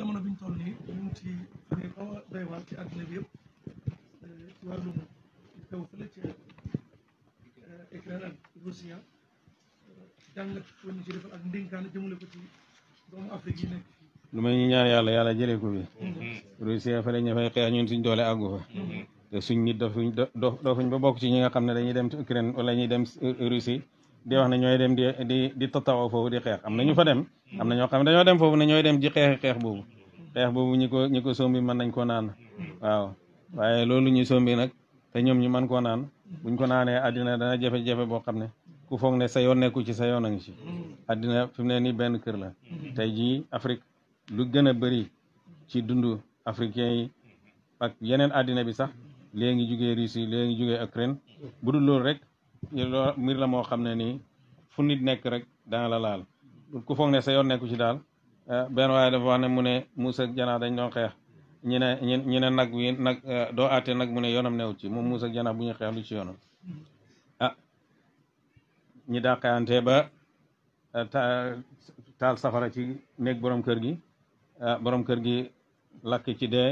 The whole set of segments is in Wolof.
jamono biñ toll nii ñu ngi ci li xaw a doy waar ci àddina bi yëpp eh, ci wàllum xew fële ci eh, Ukraine Russia eh, jàngat ko ñu ci defal ak ndénkaane jëmale ko ci Afrique yi lu may ñaan ko bi mm-hmm. Russia fële ña fay xeex ñun suñ doole àggu fa mm-hmm. suñ nit dofuñ dofuñ ba bokk ci ñi nga dañuy dem ci Ukraine wala dem Russie di wax na ñooy dem di di di tatawoo foofu di xeex am na ñu fa dem am na ñoo xam ne dañoo dem foofu ne ñooy dem ji xeexi xeex boobu xeex boobu ñi ko ñi ko sombi mën nañ koo naan waaw waaye loolu ñu sombi nag te ñoom ñu mën koo naan buñ ko naanee àddina dana jafe-jafe boo xam ne ku foog ne sa yoon nekku ci sa yoon a ngi ci àddina fi ne nii benn kër la tey jii Afrique lu gën a bëri ci dundu africain yi ak yeneen àddina bi sax léegi jugee Russie léegi jugee Ukraine bu dul loolu rek loo mbir la moo xam ne nii fu nit nekk rek dana la laal ku foog ne sa nekku ci daal eh, benn waaye dafa wax ne mu ne Muusa Janaa dañ doon xeex ñu ne ñu ne nag wi nag eh, doo àtte nag mu ne yoonam newut ci moom Muusa ak Janaa bu ñu xeex lu ci yoonam ah ñi daa xeexante ba eh, taal safara ci néeg borom kër gi borom kër gi lakk ci dee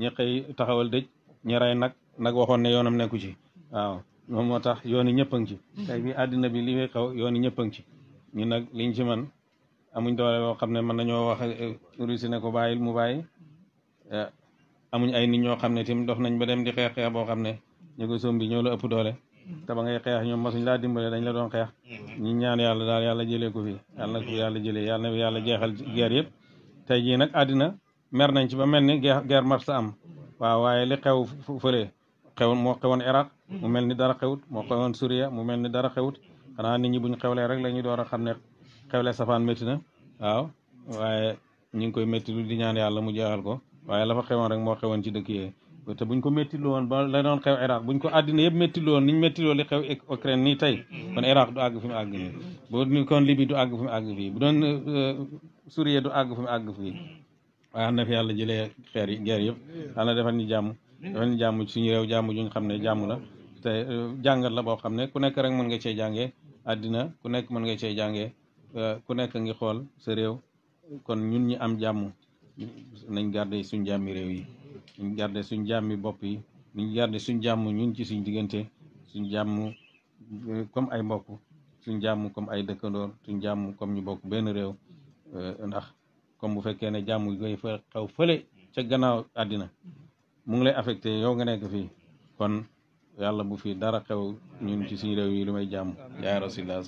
ñi xëy taxawal dëj ñi rey nag nag waxoon ne yoonam nekku ci waaw moom moo tax yoon yi ñëpp a ngi ci mm-hmm. tey bi àddina bi li muy xaw yoon yi ñëpp a ci ñun nag liñ ci man muñ doole boo xam ne mën nañoo wax eh, Russie ne ko bàyyil mu bàyyi eh, amuñ ay nit ñoo xam ne tim dox nañ ba dem di xeex xeex boo xam ne ñu ko sombi ñoo la ëpp doole mm-hmm. te ba ngay xeex ñoom masuñ laa dimbale dañ la doon xeex mm-hmm. ñu ñaan yàlla daal yàlla jëlee ko fii yàlla na ko yàlla jëlee yàlla na yàlla jeexal guerre yëpp tey jii nag àddina mer nañ ci ba mel ni guerre mars am waaw waaye li xew fële xewoon moo xewoon Iraq mm-hmm. mu mel ni dara xewut moo xewoon Suriya mu mel ni dara xewut xanaa nit ñi buñ xewlee rek la ñuy door a xam ne xewle safaan métti na waaw ngi koy métti di ñaan yàlla mu jeexal ko waaye la fa xewoon rek moo xewoon ci dëkk yee te buñ ko métti lu woon ba la doon xew Iraq buñ ko àddina yëpp métti lu woon niñ métti loo li xew Ukraine nii tey mm-hmm. kon Iraq du àgg fi mu àgg nii bu ñu kon Libye du àgg fi mu àgg fii bu doon euh, Suriya du àgg fi mu àgg fii mm-hmm. waaye xam fi yàlla jëlee xeer yi guerre yëpp yàlla defal ñu jàmm ren jàmm suñu réew jàmm juñ xam ne jàmm la te euh, jàngat la boo xam ne ku nekk rek mën nga cee jàngee àddina ku nekk mën nga cee jàngee euh, ku nekk ngi xool sa réew kon ñun ñi am jàmm nañ garder suñ jàmmi réew yi nañ garder suñ jàmmi bopp yi nañ garder suñ jàmm ñun ci suñ diggante suñ jàmm euh, comme ay mbokk suñ jàmm comme ay dëkkandoor suñ jàmm comme ñu bokk benn réew ndax comme bu fekkee ne jàmm goy fa xaw fële ca gannaaw àddina mu ngi lay affecté yow nga nekk fii kon yàlla bu fi dara xew ñun ci suñu réew yi lu may jàmm yaa rasulillah